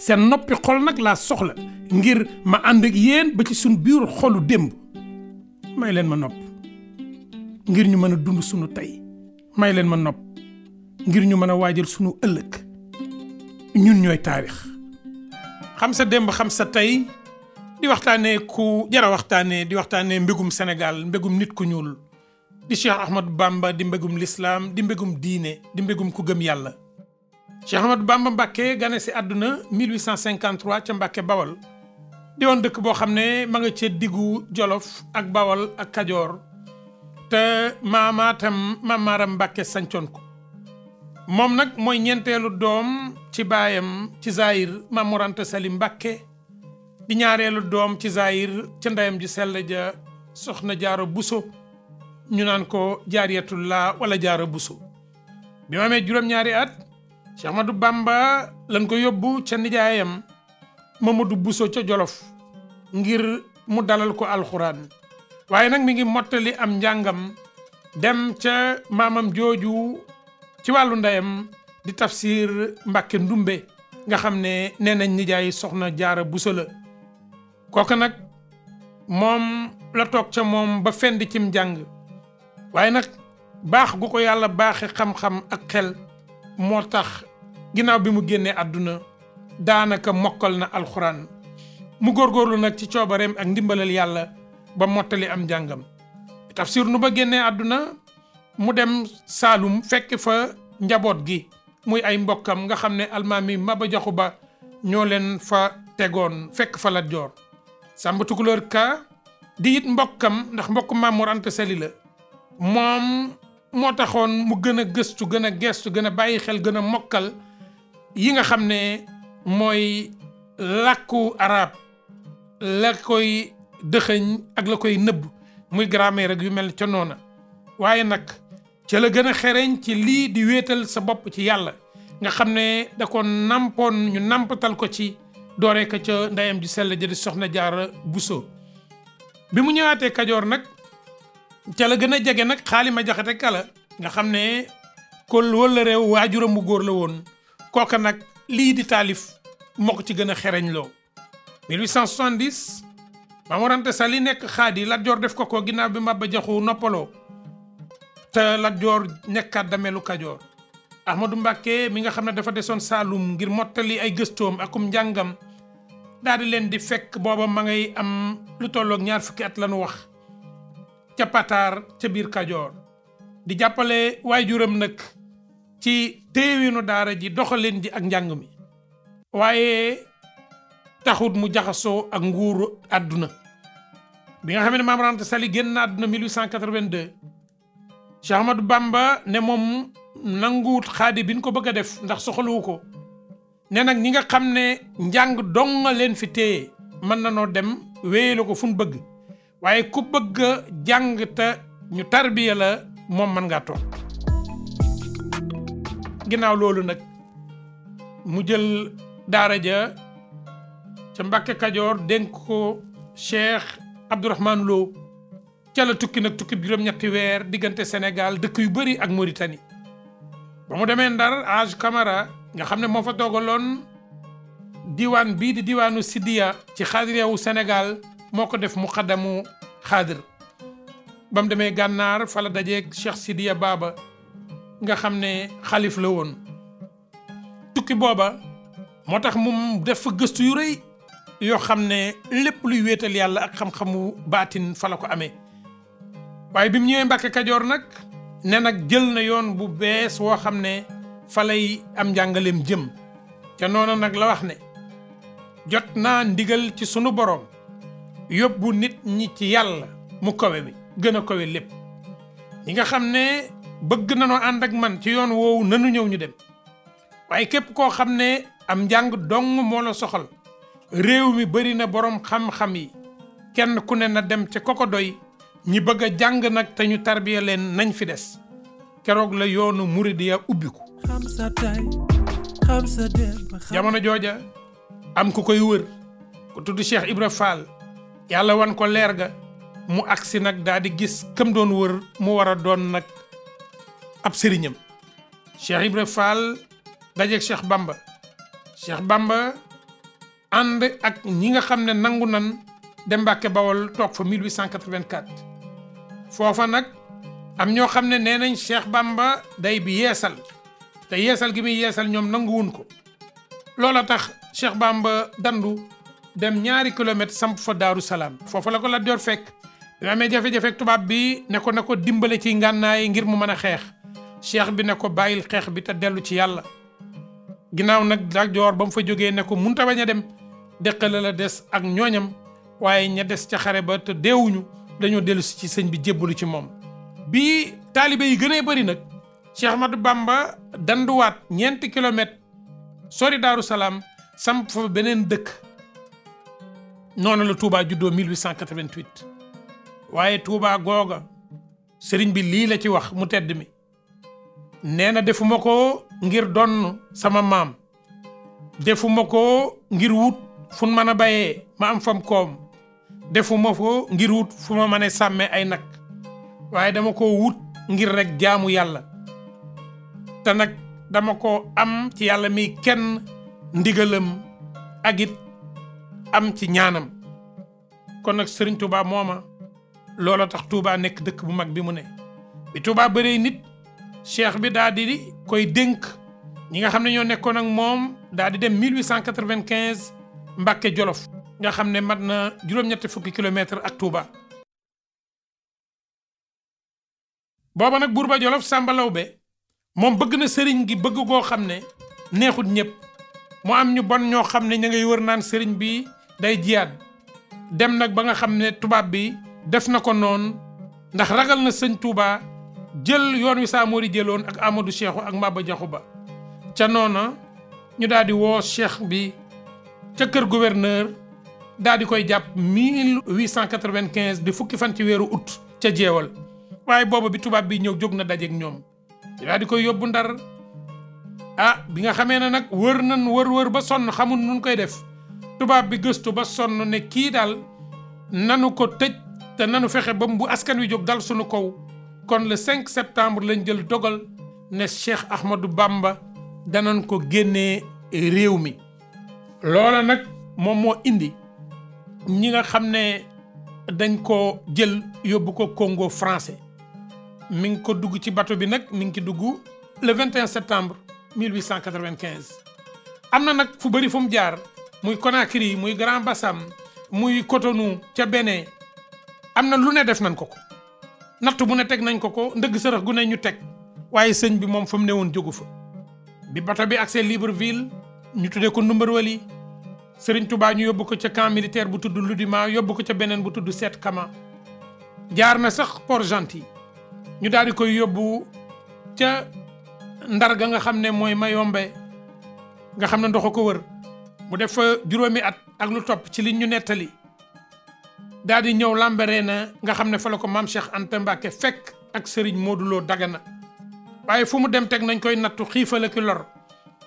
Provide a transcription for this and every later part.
seen noppi xol nag laa soxla ngir ma ànd ak yéen ba ci suñ biir xolu démb may leen ma nopp ngir ñu mën a dund sunu tey may leen ma nopp ngir ñu mën a waajal sunu ëllëg ñun ñooy taarix. xam sa démb xam sa tey di waxtaanee ku jara waxtaanee di waxtaanee mbegum senegal mbegum nit ku ñuul di Cheikh Ahmad Bamba di mbégum lislaam di mbégum diine di mbegum ku gëm yàlla. Cheikh Ahmadou Bamba Mbacke gane si àdduna 1853 ca Mbacke Bawol di woon dëkk boo xam ne ma nga ca diggu Jolof ak Bawol ak Kajoor te maamaatam maamaaram Mbacke sancoon ko moom nag mooy ñeenteelu doom ci baayam ci Zahir Maam seli Anta di ñaareelu doom ci Zahir ca ndeyam ji sel ja soxna Jaara Buso ñu naan ko laa wala jaaro Buso bi ma amee juróom-ñaari at Cheikh Ahmadou Bamba lañ ko yóbbu ca nijaayam Mamadou Bousso ca Jolof ngir mu dalal ko alxuraan waaye nag mi ngi mottali am njàngam dem ca maamam jooju ci wàllu ndeyam di tafsir Mbàkke Ndumbe nga xam ne nee nañ nijaay soxna Jaara Bousso la kooku nag moom la toog ca moom ba fend cim njàng waaye nag baax gu ko yàlla baaxe xam-xam ak xel moo tax ginnaaw bi mu génnee àdduna daanaka mokkal na alxuraan mu góorgóorlu nag ci coobareem ak ndimbalal yàlla ba mottali am njàngam tafsir nu ba génnee àdduna mu dem Saalum fekk fa njaboot gi muy ay mbokkam nga xam ne almaami Maba Jaxu Ba ñoo leen fa tegoon fekk fa Lat Joor Samba Tukulóor Ka di it mbokkam ndax mbokku Mamour Anta Sali la moom moo taxoon mu gën a gëstu gën a gestu gën a bàyyi xel gën a mokkal yi nga xam ne mooy làkku araab la koy dëxëñ ak la koy nëbb muy grammaire ak yu mel ca noona waaye nag ca la gën a xereñ ci lii di wéetal sa bopp ci yàlla nga xam ne da ko nampoon ñu nampatal ko ci dooree ko ca ndeyam ji sell ja di soxna bu soo bi mu ñëwaatee kajoor nag ca la gën a jege nag xaalima jaxate kala nga xam ne ko wala réew waajuram bu góor la woon kooka nag lii di taalif moo ko ci gën a xereñ loo 1870 Maam Mor Anta Sali nekk xaadi Lat Joor def ko ko ginnaaw bi Maba Jaxu noppaloo te Lat Joor nekkaat damelu Kajoor Ahmadou Mbacké mi nga xam ne dafa desoon Saalum ngir mottali ay gëstoom akum njàngam daal leen di fekk boobam ma ngay am lu tolloog ñaar fukki at lañu wax ca Pataar ca biir Kajoor di jàppale waajuram nag ci téewinu daara ji doxalin ji ak njàng mi waaye taxut mu jaxasoo ak nguur àdduna bi nga xam ne Maam rant Sali génn àdduna 1882 Cheikh Ahmadou Bamba ne moom nanguwut xaadi bi ko bëgg a def ndax soxlawu ko ne nag ñi nga xam ne njàng dong leen fi téye mën na noo dem wéyale ko fu ñu bëgg waaye ku bëgg jàng te ñu tarbiya moom mën ngaa toog ginnaaw loolu nag mu jël daara ja ca Mbàkke Kajoor dénk ko Cheikh Abdourahmane Lo ca la tukki nag tukki juróom-ñetti weer diggante senegal dëkk yu bari ak Mauritanie ba mu demee Ndar Haj kamara nga xam ne moo fa toogaloon diwaan bii di diwaanu Sidiya ci xaadirewu senegal moo ko def muqaddamu xaadir ba mu demee gànnaar fala la dajeeg Cheikh Sidiya Baba nga xam ne xalif la woon tukki booba moo tax mu def fa gëstu yu rëy yoo xam ne lépp luy wéetal yàlla ak xam-xamu baatin fa la ko amee waaye bi mu ñëwee Mbàkke Kajoor nag ne nag jël na yoon bu bees woo xam ne fa lay am njàngaleem jëm te noonu nag la wax ne jot naa ndigal ci sunu boroom yóbbu nit ñi ci yàlla mu kawe bi gën a lépp ñi nga xam ne bëgg nanoo ànd ak man ci yoon woowu nanu ñëw ñu dem waaye képp koo xam ne am njàng dong moo la soxal réew mi bari na boroom xam-xam yi kenn ku ne na dem ca koko doy ñi bëgg a jàng nag te ñu tarbiya leen nañ fi des keroog la yoonu muridiya ubbiku jamono jooja am ku koy wër ku tudd Cheikh Ibra Fall yàlla wan ko leer ga mu agsi nag daal di gis këm doon wër mu war a doon nag ab sëriñam Cheikh Ibra Fall dajeeg Cheikh Bamba Cheikh Bamba ànd ak ñi nga xam ne nangu nan de Mbàkke Bawol toog fa 1884 foofa nag am ñoo xam ne nee nañ Cheikh Bamba day bi yeesal te yeesal gi muy yeesal ñoom nanguwun ko loola tax Cheikh Bamba dandu dem ñaari kilomètre samp fa Daaru Salaam foofa la ko Lat fekk bi amee jafe-jafe tubaab bi ne ko na ko dimbale ci ngànnaay ngir mu mën a xeex cheikh bi ne ko bàyyil xeex bi te dellu ci yàlla ginnaaw nag Lat Joor ba mu fa jógee ne ko munta bañ a dem dëkkale la des ak ñooñam waaye ña des ca xare ba te deewuñu dañoo dellusi ci sëñ bi jébbalu ci moom. bi taalibe yi gënee bari nag Cheikh Ahmadou Bamba danduwaat ñeenti kilomètres sori Daaru Salaam samp fa beneen dëkk noonu la Touba juddoo 1888 waaye Touba googa sëriñ bi lii la ci wax mu tedd mi. nee na defuma ko ngir donn sama maam defuma ko ngir wut fu mën a bayee ma am fam koom defuma ko ngir wut fu ma mën a sàmmee ay nag waaye dama ko wut ngir rek jaamu yàlla te nag dama ko am ci yàlla mi kenn ndigalam ak it am ci ñaanam kon nag sëriñ Touba mooma loola tax Touba nekk dëkk bu mag bi mu ne bi Touba bëree nit. cheikh bi daal di koy dénk ñi nga xam ne ñoo nekkoon ak moom daal di dem 1895 Mbàkke Jolof nga xam ne mat na juróom fukki kilomètre ak Touba. booba nag buur ba Jolof Sàmba be moom bëgg na sëriñ gi bëgg goo xam ne neexut ñëpp mu am ñu bon ñoo xam ne ña ngay wër naan sëriñ bi day jiyaat dem nag ba nga xam ne tubaab bi def na ko noonu ndax ragal na sëñ Touba. jël yoon wi Samori jëloon ak Amadou Cheikhou ak Maba Diakhou Ba ca noona ñu daal di woo cheikh bi ca kër gouverneur daal di koy jàpp 1895 di fukki fan ci weeru août ca jeewal waaye booba bi tubaab bi ñëw jóg na dajeeg ñoom daal di koy yóbbu ndar ah bi nga xamee ne nag wër nan wër-wër ba sonn xamul nun koy def tubaab bi gëstu ba sonn ne kii daal nanu ko tëj te nanu fexe ba bu askan wi jóg dal sunu kaw kon le 5 septembre lañ jël dogal ne Cheikh Ahmadou Bamba danañ ko génnee réew mi loola nag moom moo indi ñi nga xam ne dañ ko jël yóbbu ko Congo français mi ngi ko dugg ci bato bi nag mi ngi ci dugg le 21 septembre 1895 am na nag fu bëri fu mu jaar muy Conakry muy Grand Bassam muy Cotonou ca benee am na lu ne def nañ ko ko natt bu ne teg nañ ko ko ndëgg sërëx gu ne ñu teg waaye sëñ bi moom fa ne woon jógu fa bi bata bi accès Libreville ñu tuddee ko Ndumbarwali Sëriñ Tubaa ñu yóbbu ko ca camp militaire bu tudd Ludima yóbbu ko ca beneen bu tudd Seet Kama jaar na sax Port-Gentil ñu daal di koy yóbbu ca ndar ga nga xam ne mooy Mayombe nga xam ne ndox ko wër mu def fa juróomi at ak lu topp ci li ñu nettali daa di ñëw Lambaréné nga xam ne fa la ko maam Cheikh Anta Mbacke fekk ak sëriñ mooduloo Lo Dagana waaye fu mu dem teg nañ koy nattu xiifal ak lor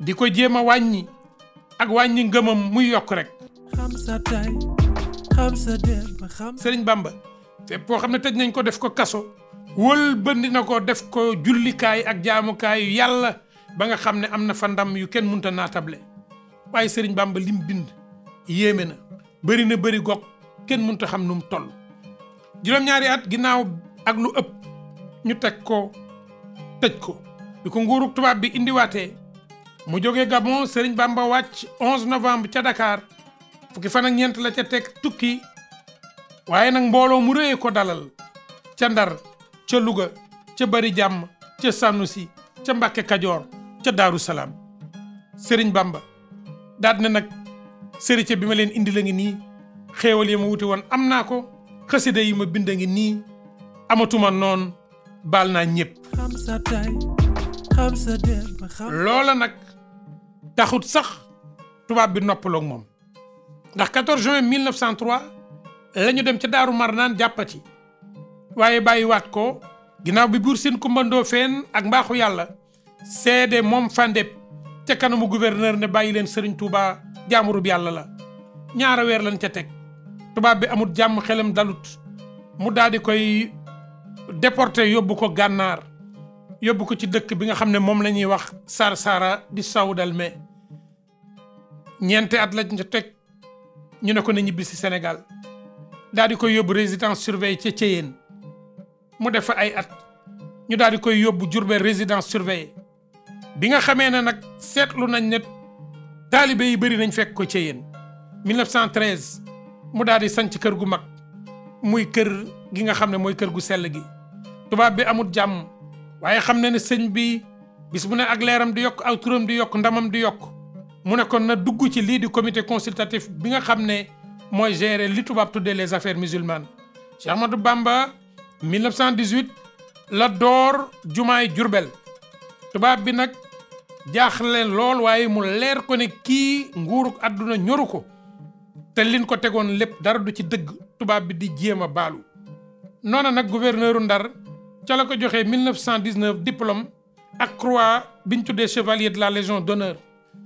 di ko jéem a wàññi ak wàññi ngëmam muy yokk rek. Serigne Bamba fépp koo xam ne tëj nañ ko def ko kaso wël bëndi ko def ko jullikaay ak jaamukaayu yàlla ba nga xam ne am na fa ndam yu kenn mënta naatable waaye Serigne Bamba lim bind yéeme na bëri na bëri gox. kenn mënut xam nu mu toll. juróom-ñaari at ginnaaw ak lu ëpp ñu teg ko tëj ko bi ko nguurug tubaab bi indiwaatee mu jógee Gabon Serigne Bamba wàcc 11 novembre ca Dakar fukki fan ñeent la ca teg tukki waaye nag mbooloo mu rëyee ko dalal ca Ndar ca Louga ca Bari Jàmm ca Sanusi ca Mbàkke Kajoor ca Daaru Salaam Serigne Bamba daat na nag sëriñ bi ma leen indi la xéewal yi ma wuti woon am naa ko xasida yi ma bind a ngi nii amatuma noon baal naa ñépp loola nag taxut sax tubaab bi noppaloog moom ndax 14 juin 1903 la ñu dem ca Daaru Marnaan jàppati waaye bàyyiwaat ko ginnaaw bi buur Sine Kumba Ndoofeen ak mbaaxu yàlla seede moom Fandeb ca kanamu gouverneur ne bàyyi leen Serigne Touba jaamurub yàlla la ñaara weer lañ ca teg tubaab bi amul jàmm xelam dalut mu daal di koy déporté yóbbu ko gànnaar yóbbu ko ci dëkk bi nga xam ne moom la ñuy wax Sarsara di Sawdalme ñeente at lañ ca teg ñu ne ko na ñibbi si Sénégal daal di koy yóbbu résidence surveillée ci Thiéyène mu def fa ay at ñu daal di koy yóbbu Diourbel résidence surveillée bi nga xamee ne nag seetlu nañ ne taalibe yi bëri nañ fekk ko Thiéyène 1913 mu daal di sanc kër gu mag muy kër gi nga xam ne mooy kër gu sell gi tubaab bi amul jàmm waaye xam na ne sëñ bi bis bu ne ak leeram di yokk aw turam di yokk ndamam di yokk mu ne kon na dugg ci lii di comité consultatif bi nga xam ne mooy gérer li tubaab tuddee les affaires musulmanes Cheikh Ahmadou Bamba 1918 la door jumaay Jurbel tubaab bi nag jaaxle lool waaye mu leer ko ne kii nguuruk àdduna ñoru ko te liñ ko tegoon lépp dara du ci dëgg tubaab bi di jéem a baalu noona nag gouverneuru Ndar ca la ko joxee 1919 diplôme ak croix biñ tuddee chevalier de la légion d'honneur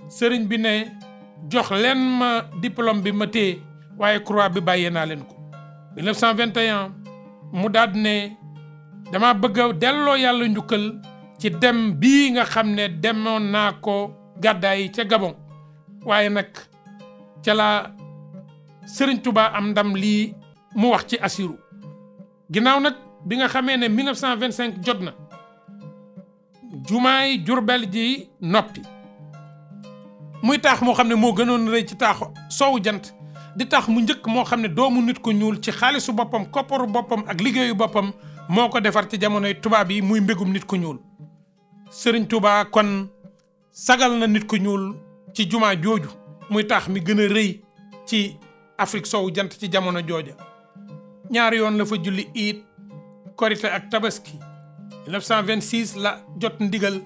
sëriñ bi ne jox leen ma diplôme bi ma téye waaye croix bi bàyyee naa leen ko 1921 mu daad ne dama bëgg a delloo yàlla njukkal ci dem bi nga xam ne demoon naa ko gàddaay ca Gabon waaye nag ca sëriñ Touba am ndam lii mu wax ci Assirou ginnaaw nag bi nga xamee ne 1925 jot na jumaay Jurbel ji noppi muy taax moo xam ne moo gënoon rëy ci taaxu soowu jant di taax mu njëkk moo xam ne doomu nit ko ñuul ci xaalisu boppam kopparu boppam ak liggéeyu boppam moo ko defar ci jamonoy tubaab yi muy mbégum nit ko ñuul sëriñ Touba kon sagal na nit ku ñuul ci jumaa jooju muy taax mi gën a rëy ci Afrique sow jant ci jamono jooja ñaari yoon la fa julli iit korite ak tabaski 1926 la jot ndigal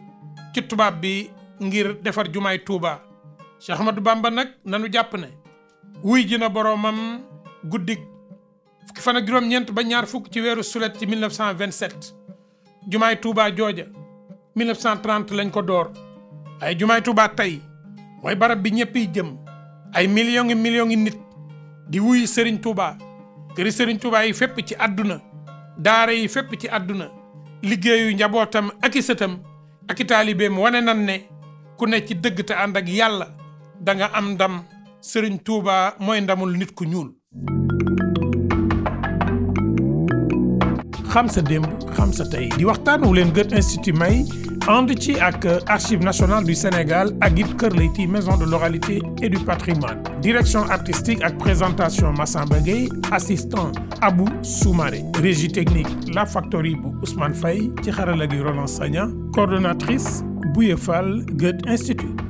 ci tubaab bi ngir defar jumaay Touba Cheikh Ahmadou Bamba nag nanu jàpp ne wuy ji na boroomam guddig fukki fan ak juróom-ñeent ba ñaar fukk ci weeru sulet ci 1927 jumaay Touba jooja 1930 lañ ko door ay jumaay Touba tey mooy barab bi ñëpp jëm ay millions ngi nit di wuy sëriñ Touba këri Serigne Touba yi fépp ci àdduna daara yi fépp ci àdduna liggéeyu njabootam ak i ak i taalibeem wane nan ne ku ne ci dëgg te ànd ak yàlla da nga am ndam sëriñ tuuba mooy ndamul nit ku ñuul. xam sa démb sa tey di waxtaan wu leen Goethe Institut may. ànd ci ak Archives nationales du Sénégal ak it Kër Leyti maison de l'oralité et du patrimoine direction artistique ak présentation massan Gueye assistant abu Soumaré régie technique La Factory bu Ousmane Faye ci xarala gi Roland Sagna coordonnatrice Bouye Fall Goethe Institut